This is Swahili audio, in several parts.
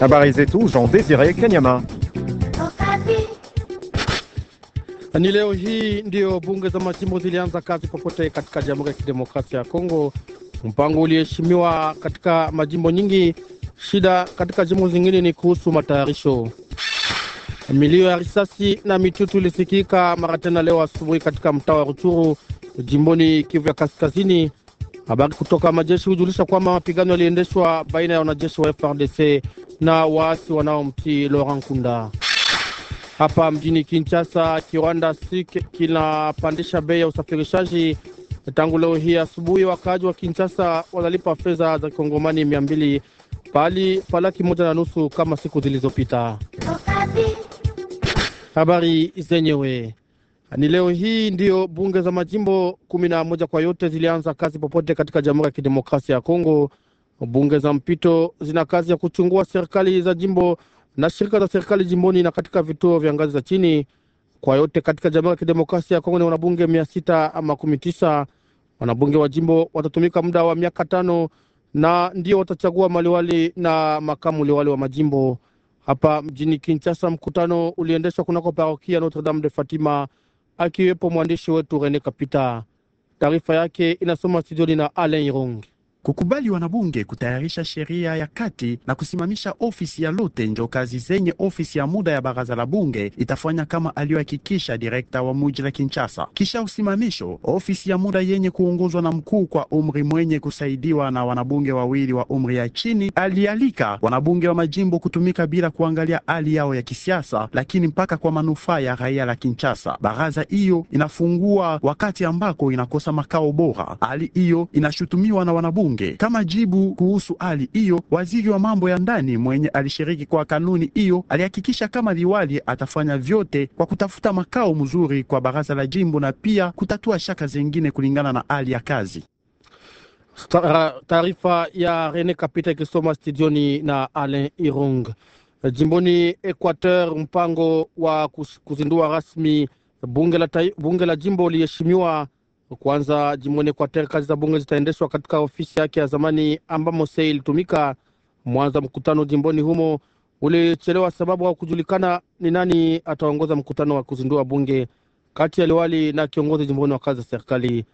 Habarizetu Jean Desire Kanyama. Ni leo hii ndio bunge za majimbo zilianza kazi popote katika Jamhuri ya Kidemokrasia ya Kongo. Mpango uliheshimiwa katika majimbo nyingi. Shida katika jimbo zingine ni kuhusu matayarisho. Milio ya risasi na mitutu ilisikika mara tena leo asubuhi katika mtaa wa Ruchuru, jimboni Kivu ya Kaskazini. Habari kutoka majeshi hujulisha kwamba mapigano yaliendeshwa baina ya wanajeshi wa FRDC na waasi wanaomtii Laurent Kunda. Hapa mjini Kinshasa, kiwanda SIK kinapandisha bei ya usafirishaji. Tangu leo hii asubuhi, wakaaji wa Kinshasa wanalipa fedha za kikongomani mia mbili pahali pa laki moja na nusu kama siku zilizopita. Habari zenyewe ni leo hii ndiyo bunge za majimbo kumi na moja kwa yote zilianza kazi popote katika Jamhuri ya Kidemokrasia ya Kongo. Bunge za mpito zina kazi ya kuchungua serikali za jimbo na shirika za serikali jimboni na katika vituo vya ngazi za chini. Kwa yote katika Jamhuri ya Kidemokrasia ya Kongo ni wanabunge mia sita makumi tisa. Wanabunge wa jimbo watatumika muda wa miaka tano na ndio watachagua maliwali na makamu liwali wa majimbo. Hapa mjini Kinshasa, mkutano uliendeshwa kunako parokia Notre Dame de Fatima, akiwepo mwandishi wetu Rene Kapita. Taarifa yake inasoma studioni na Alain Irung. Kukubali wanabunge kutayarisha sheria ya kati na kusimamisha ofisi ya lote njo kazi zenye ofisi ya muda ya baraza la bunge itafanya kama aliyohakikisha direkta wa muji la Kinshasa. Kisha usimamisho, ofisi ya muda yenye kuongozwa na mkuu kwa umri mwenye kusaidiwa na wanabunge wawili wa umri ya chini, alialika wanabunge wa majimbo kutumika bila kuangalia hali yao ya kisiasa, lakini mpaka kwa manufaa ya raia la Kinshasa. Baraza hiyo inafungua wakati ambako inakosa makao bora. Hali hiyo inashutumiwa na wanabunge bunge. Kama jibu kuhusu hali hiyo, waziri wa mambo ya ndani mwenye alishiriki kwa kanuni hiyo alihakikisha kama liwali atafanya vyote kwa kutafuta makao mzuri kwa baraza la jimbo na pia kutatua shaka zingine kulingana na hali ya kazi. Taarifa ya Rene Kapita ikisoma studioni na Alain Irung. Jimboni Equateur, mpango wa kuzindua rasmi bunge la, bunge la jimbo liheshimiwa kwanza jimboni Ekwater, kazi za bunge zitaendeshwa katika ofisi yake ya zamani ambamo sei ilitumika. Mwanza mkutano jimboni humo ulichelewa sababu hakujulikana ni nani ataongoza mkutano wa kuzindua bunge kati ya liwali na kiongozi jimboni wa kazi za serikali.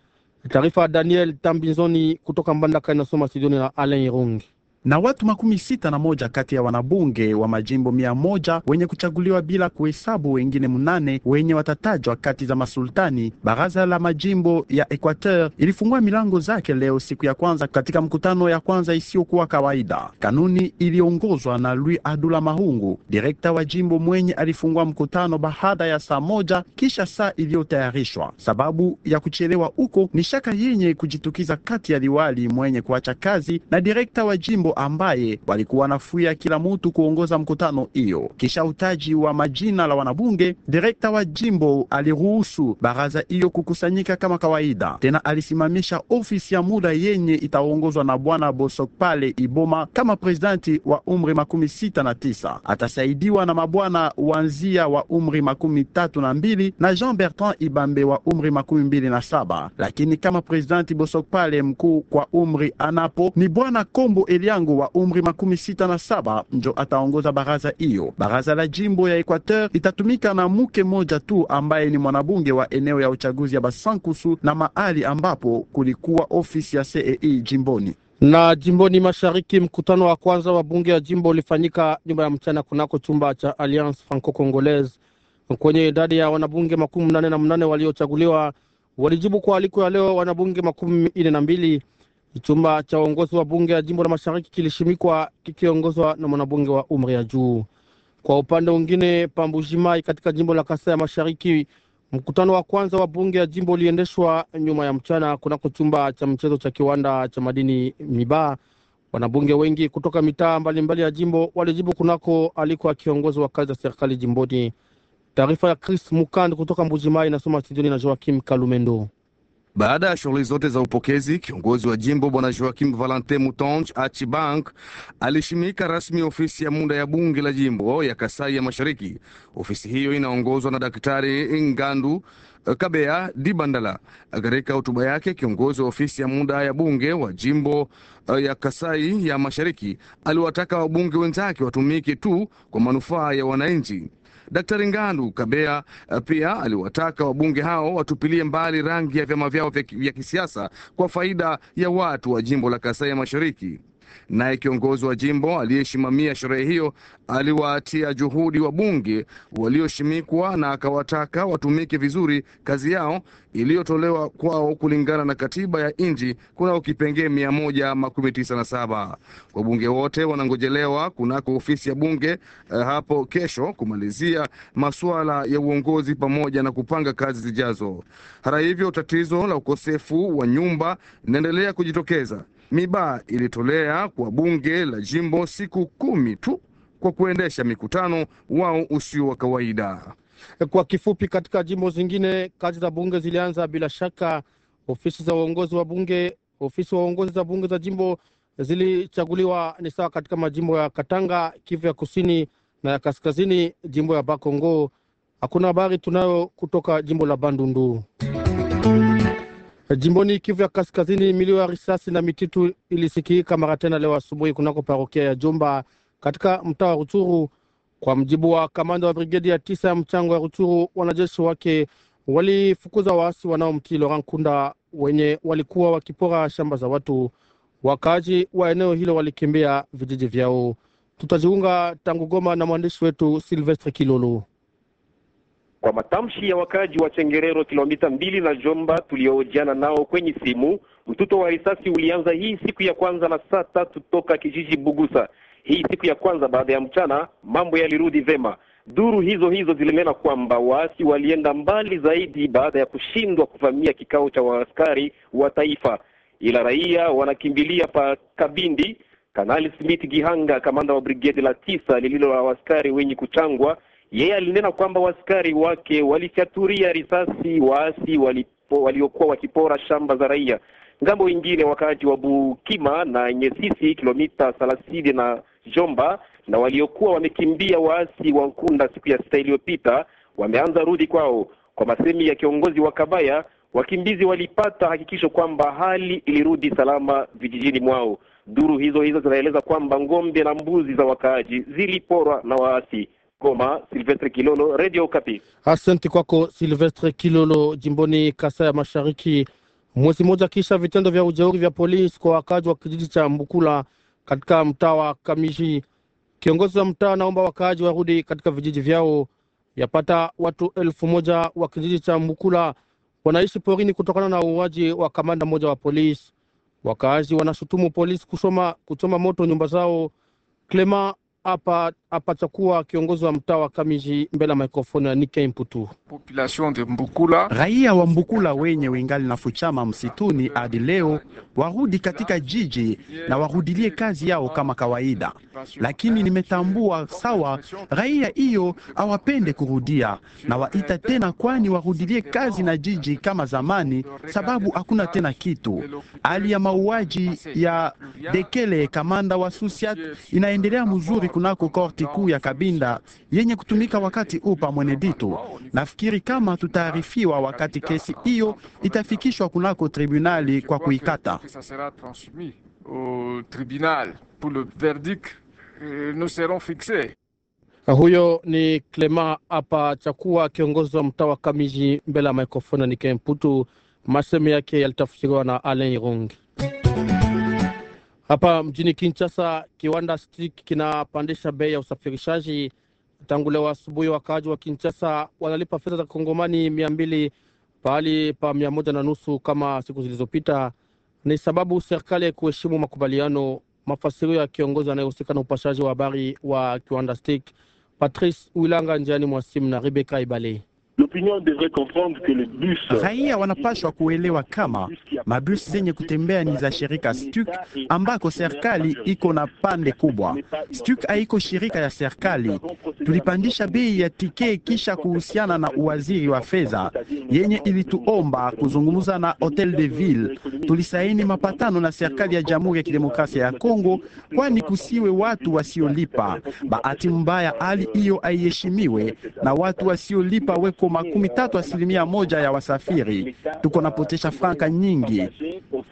Taarifa ya Daniel Tambinzoni kutoka Mbandaka inasoma studioni na Alain Irungi na watu makumi sita na moja kati ya wanabunge wa majimbo mia moja wenye kuchaguliwa bila kuhesabu wengine mnane wenye watatajwa kati za masultani. Baraza la majimbo ya Equateur ilifungua milango zake leo siku ya kwanza katika mkutano ya kwanza isiyokuwa kawaida. Kanuni iliongozwa na Louis Adula Mahungu, direkta wa jimbo mwenye alifungua mkutano baada ya saa moja kisha saa iliyotayarishwa. Sababu ya kuchelewa huko ni shaka yenye kujitukiza kati ya liwali mwenye kuacha kazi na direkta wa jimbo ambaye walikuwa wanafuia kila mtu kuongoza mkutano hiyo. Kisha utaji wa majina la wanabunge, direkta wa jimbo aliruhusu baraza hiyo kukusanyika kama kawaida. Tena alisimamisha ofisi ya muda yenye itaongozwa na bwana Bosokpale Iboma kama presidenti wa umri makumi sita na tisa. Atasaidiwa na mabwana wanzia wa umri makumi tatu na mbili na Jean Bertrand Ibambe wa umri makumi mbili na saba, lakini kama presidenti Bosokpale mkuu kwa umri anapo ni bwana Kombo Eliango mpango wa umri makumi sita na saba njo ataongoza baraza hiyo. Baraza la jimbo ya Equateur itatumika na muke moja tu ambaye ni mwanabunge wa eneo ya uchaguzi ya Basankusu na mahali ambapo kulikuwa ofisi ya CEI e jimboni na jimboni mashariki. Mkutano wa kwanza wa bunge ya jimbo ulifanyika nyuma ya mchana kunako chumba cha Alliance Franco Congolaise. Kwenye idadi ya wanabunge makumi mnane na mnane waliochaguliwa walijibu kwa aliko ya leo wanabunge makumi nne na mbili Chumba cha uongozi wa bunge ya jimbo la mashariki kilishimikwa kikiongozwa na mwanabunge wa umri ya juu. Kwa upande mwingine, Pambujimai katika jimbo la Kasai ya mashariki, mkutano wa kwanza wa bunge ya jimbo uliendeshwa nyuma ya mchana kunako chumba cha mchezo cha kiwanda cha madini Mibaa. Wanabunge wengi kutoka mitaa mbalimbali ya jimbo walijibu kunako alikuwa kiongozi wa kazi za serikali jimboni. Taarifa ya Chris Mukand kutoka Mbujimai inasoma studioni na Joakim Kalumendo. Baada ya shughuli zote za upokezi, kiongozi wa jimbo bwana Joachim Valentin Mutonge Achibank alishimika rasmi ofisi ya muda ya bunge la jimbo ya Kasai ya Mashariki. Ofisi hiyo inaongozwa na Daktari Ngandu eh, Kabea Dibandala. Katika hotuba yake, kiongozi wa ofisi ya muda ya bunge wa jimbo eh, ya Kasai ya Mashariki aliwataka wabunge wenzake watumike tu kwa manufaa ya wananchi. Daktari Ngandu Kabea eh, pia aliwataka wabunge hao watupilie mbali rangi ya vyama vyao vya kisiasa kwa faida ya watu wa jimbo la Kasai Mashariki. Naye kiongozi wa jimbo aliyesimamia sherehe hiyo aliwaatia juhudi wa bunge walioshimikwa na akawataka watumike vizuri kazi yao iliyotolewa kwao kulingana na katiba ya nchi kunao kipengee mia moja makumi tisa na saba. Wabunge wote wanangojelewa kunako ofisi ya bunge eh, hapo kesho kumalizia masuala ya uongozi pamoja na kupanga kazi zijazo. Hata hivyo, tatizo la ukosefu wa nyumba linaendelea kujitokeza. Miba ilitolea kwa bunge la jimbo siku kumi tu kwa kuendesha mikutano wao usio wa kawaida. Kwa kifupi, katika jimbo zingine kazi za bunge zilianza bila shaka. Ofisi za uongozi wa bunge, ofisi wa uongozi za bunge za jimbo zilichaguliwa ni sawa katika majimbo ya Katanga, Kivu ya kusini na ya kaskazini, jimbo ya Bakongo. Hakuna habari tunayo kutoka jimbo la Bandundu. Eh, jimboni Kivu ya Kaskazini, milio ya risasi na mititu ilisikika mara tena leo asubuhi kunako parokia ya Jumba katika mtaa wa Ruchuru. Kwa mjibu wa kamanda wa brigedi ya tisa ya mchango ya Ruchuru, wanajeshi wake walifukuza waasi wanaomtii Laurent Nkunda wenye walikuwa wakipora shamba za watu. Wakaaji wa eneo hilo walikimbia vijiji vyao. Tutajiunga tangu Goma na mwandishi wetu Silvestre kilulu kwa matamshi ya wakaji wa Chengerero, kilomita mbili na Jomba, tuliohojiana nao kwenye simu, mtuto wa risasi ulianza hii siku ya kwanza na saa tatu toka kijiji Bugusa. Hii siku ya kwanza baada ya mchana mambo yalirudi vema. Duru hizo hizo zilinena kwamba waasi walienda mbali zaidi baada ya kushindwa kuvamia kikao cha waaskari wa taifa, ila raia wanakimbilia pa Kabindi. Kanali Smith Gihanga, kamanda wa brigedi la tisa lililo la waaskari wenye kuchangwa yeye alinena kwamba waskari wake walifyaturia risasi waasi waliokuwa wakipora shamba za raia. Ngambo ingine wakati wa Bukima na Nyesisi, kilomita thelathini na Jomba, na waliokuwa wamekimbia waasi wa Nkunda siku ya sita iliyopita wameanza rudi kwao. Kwa masemi ya kiongozi wa Kabaya, wakimbizi walipata hakikisho kwamba hali ilirudi salama vijijini mwao. Duru hizo hizo zinaeleza kwamba ng'ombe na mbuzi za wakaaji ziliporwa na waasi. Goma, Silvestre Kilolo, Radio Kapi. Asante kwako Silvestre Kilolo. Jimboni kasaya ya Mashariki, mwezi mmoja kisha vitendo vya ujeuri vya polisi kwa wakaaji wa kijiji cha Mbukula katika mtaa wa Kamishi, kiongozi wa mtaa naomba wakaaji warudi katika vijiji vyao. Yapata watu elfu moja wa kijiji cha Mbukula wanaishi porini kutokana na uuaji wa kamanda mmoja wa polisi. Wakaaji wanashutumu polisi kuchoma moto nyumba zao. Clement hapa apatakuwa kiongozi wa mtaa wa Kamiji mbele ya mikrofoni ya Nike Mputu. Population de Mbukula, raia wa Mbukula wenye wingali na fuchama msituni hadi leo warudi katika jiji na warudilie kazi yao kama kawaida, lakini nimetambua sawa raia hiyo hawapende kurudia na waita tena, kwani warudilie kazi na jiji kama zamani, sababu hakuna tena kitu. Hali ya mauaji ya Dekele, kamanda wa Susiat, inaendelea mzuri kunako korti ofisi kuu ya Kabinda yenye kutumika wakati huu pa Mwenedito. Nafikiri kama tutaarifiwa wakati kesi hiyo itafikishwa kunako tribunali kwa kuikata. Euh, Huyo ni Klema hapa Chakuwa, kiongozi wa mtaa wa Kamiji, mbele ya mikrofoni ni Kemputu. Maseme yake yalitafsiriwa na Alain Irungi. Hapa mjini Kinshasa, kiwanda STIK kinapandisha bei ya usafirishaji. Tangu leo asubuhi, wakaaji wa Kinshasa wanalipa fedha za kongomani mia mbili pahali pa mia moja na nusu kama siku zilizopita. Ni sababu serikali haikuheshimu makubaliano. Mafasirio ya kiongozi anayehusika na upashaji wa habari wa kiwanda STIK Patrice Wilanga, njiani mwa simu na Rebeka Ibale. Raia wanapashwa kuelewa kama mabus zenye kutembea ni za shirika STUK ambako serikali iko na pande kubwa. STUK haiko shirika ya serikali. Tulipandisha bei ya tike kisha kuhusiana na uwaziri wa fedha yenye ilituomba kuzungumza na Hotel de Ville. Tulisaini mapatano na serikali ya Jamhuri ya Kidemokrasia ya Kongo, kwani kusiwe watu wasiolipa. Bahati mbaya, hali hiyo haiheshimiwe na watu wasiolipa weko iko makumi tatu asilimia moja ya wasafiri. Tuko napotesha franka nyingi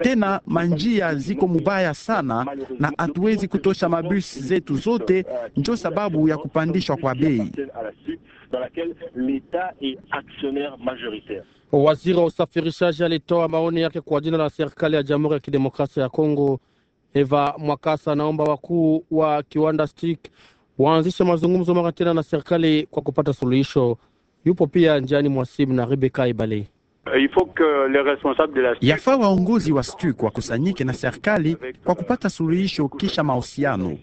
tena, manjia ziko mubaya sana na hatuwezi kutosha mabusi zetu zote, njo sababu ya kupandishwa kwa bei. Waziri wa usafirishaji alitoa maoni yake kwa jina la serikali ya Jamhuri ya Kidemokrasia ya Kongo. Eva Mwakasa naomba wakuu wa kiwanda stik waanzishe mazungumzo mara tena na serikali kwa kupata suluhisho yupo pia njiani mwa simu na Rebeka Ibale. Yafaa waongozi wa STUK wakusanyike na serikali kwa kupata suluhisho kisha mahusiano.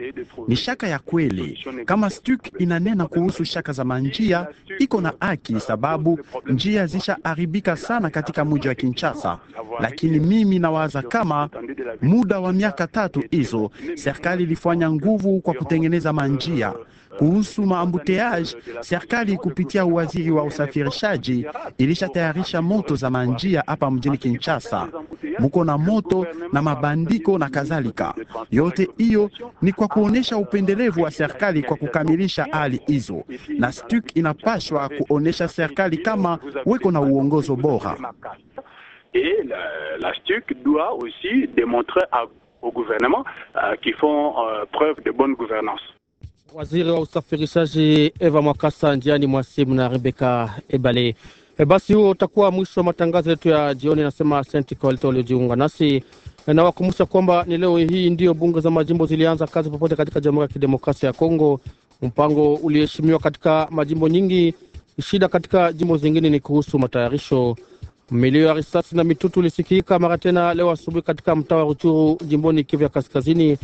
Ni shaka ya kweli kama STUK inanena kuhusu shaka za manjia, iko na haki, sababu njia zishaharibika sana katika mji wa Kinshasa. Lakini mimi nawaza kama muda wa miaka tatu hizo serikali ilifanya nguvu kwa kutengeneza manjia kuhusu maambuteage, serikali kupitia uwaziri wa usafirishaji ilishatayarisha moto za manjia hapa mjini Kinshasa. Muko na moto na mabandiko na kadhalika. Yote hiyo ni kwa kuonesha upendelevu wa serikali kwa kukamilisha hali hizo, na STUK inapashwa kuonesha serikali kama weko na uongozo bora. Et la, la STUC doit aussi démontrer à, au gouvernement euh, qu'ils font euh, preuve de bonne gouvernance. Waziri wa usafirishaji Eva Mwakasa njiani mwa simu na Rebeka Ebale. E, basi huo utakuwa mwisho wa matangazo yetu ya jioni. Nasema asante kwa wote waliojiunga nasi E, nawakumbusha kwamba ni leo hii ndio bunge za majimbo zilianza kazi popote katika Jamhuri ya Kidemokrasia ya Kongo. Mpango uliheshimiwa katika majimbo nyingi. Shida katika jimbo zingine ni kuhusu matayarisho. Milio ya risasi na mitutu ilisikika mara tena leo asubuhi katika mtaa wa Ruchuru, jimboni Kivu ya Kaskazini.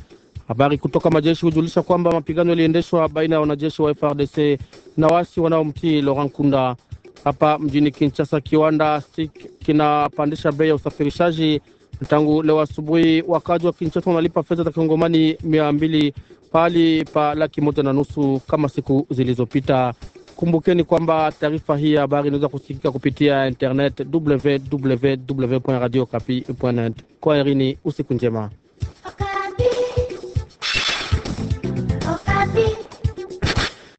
Habari kutoka majeshi hujulisha kwamba mapigano yaliendeshwa baina ya wanajeshi wa FRDC na wasi wanaomtii Laurent Kunda hapa mjini Kinshasa. Kiwanda SIK kinapandisha bei ya usafirishaji tangu leo asubuhi. Wakazi wa Kinshasa wanalipa fedha za kongomani mia mbili pahali pa laki moja na nusu kama siku zilizopita. Kumbukeni kwamba taarifa hii ya habari inaweza kusikika kupitia internet www.radiokapi.net. Kwaherini, usiku njema.